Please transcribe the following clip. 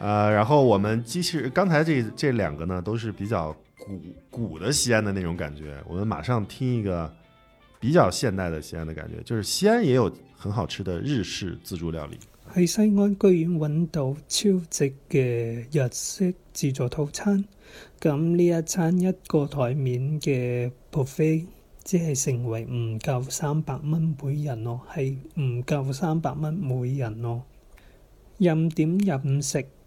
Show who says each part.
Speaker 1: 呃，然後我們機器剛才這這兩個呢，都是比較古古的西安的那種感覺。我們馬上聽一個比較現代的西安的感覺，就是西安也有很好吃的日式自助料理。喺西安居然揾到超值嘅日式自助套餐，咁呢一餐一個台面嘅 buffet 只係成為唔夠三百蚊每人咯、哦，係唔夠三百蚊每人咯、哦，任點任食。